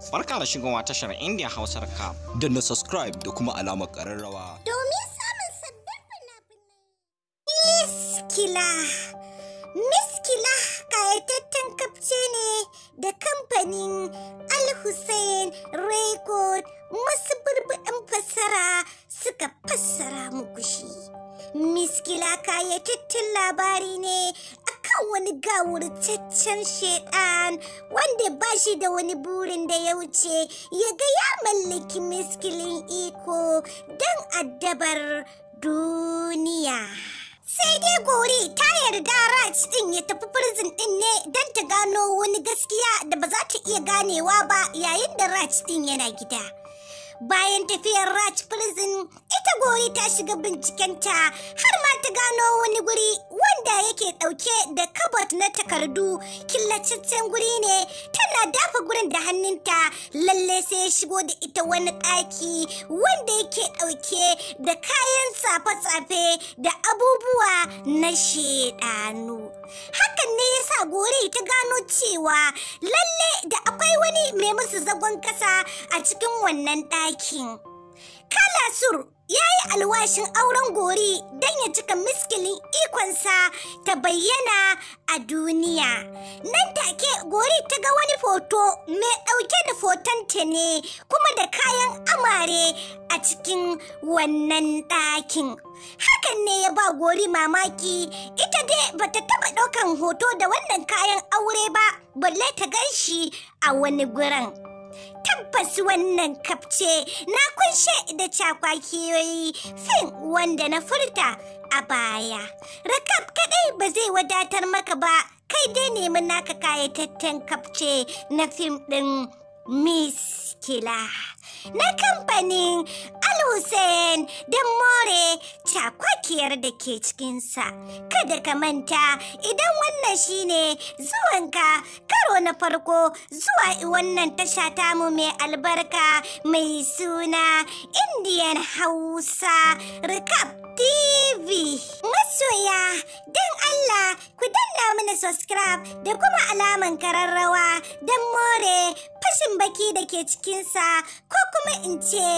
Farka da wa tashar Indian Hausar ka. Da na subscribe da kuma alamar ƙararrawa. Domin samun sabbin fina-finai. Miskila. Miskila ƙayataccen kafce ne da kamfanin Al-Hussein Record masu burbuɗin fassara suka fassara muku shi. Miskila kayatattun labari ne wani gawurtaccen shaidan wanda ba shi da wani burin da ya wuce ya ga ya mallaki miskilin iko don addabar duniya. sai dai gori ta yarda raj din ya tafi prison din ne don ta gano wani gaskiya da ba za ta iya ganewa ba yayin da raj din yana gida bayan tafiyar raj prison ita gori ta shiga bincikenta har ma ta gano wani guri inda yake ɗauke da kabot na takardu killacaccen guri ne tana dafa gurin da hannunta lalle sai ya shigo da ita wani ɗaki wanda yake ɗauke da kayan tsafe-tsafe da abubuwa na shedanu hakan ne ya sa gori ta gano cewa lalle da akwai wani mai musu zagon kasa a cikin wannan ɗakin sur. ya yi alwashin auren gori don ya cika miskilin ikonsa ta bayyana a duniya. Nan take gori ta ga wani foto mai ɗauke da fotonta ne kuma da kayan amare a cikin wannan ɗakin. Hakan ne ya ba gori mamaki ita dai bata taba ɗaukan hoto da wannan kayan aure ba balle ta gan shi a wani gurin. tabbas wannan kafce na kunshe da cakwakiyoyi fin wanda na furta a baya. Rakab kaɗai ba zai wadatar maka ba, kai dai nemi naka kayataccen kafce na fim ɗin Miss Kila. Na kamfanin Hussein da more cakwakiyar da ke cikinsa. Kada ka manta idan wannan shine zuwanka karo na farko zuwa wannan tasha tamu mai albarka mai suna Indian Hausa Recap TV. Masoya don Allah ku danna mana subscribe da kuma alaman kararrawa don more tushin baki da ke cikinsa ko kuma in ce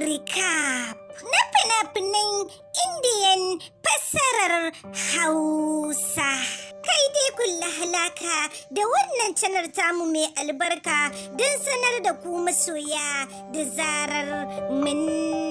recap na fina-finan indian fassarar hausa kai dai kulla halaka da wannan canar tamu mai albarka don sanar da ku masoya da zarar mun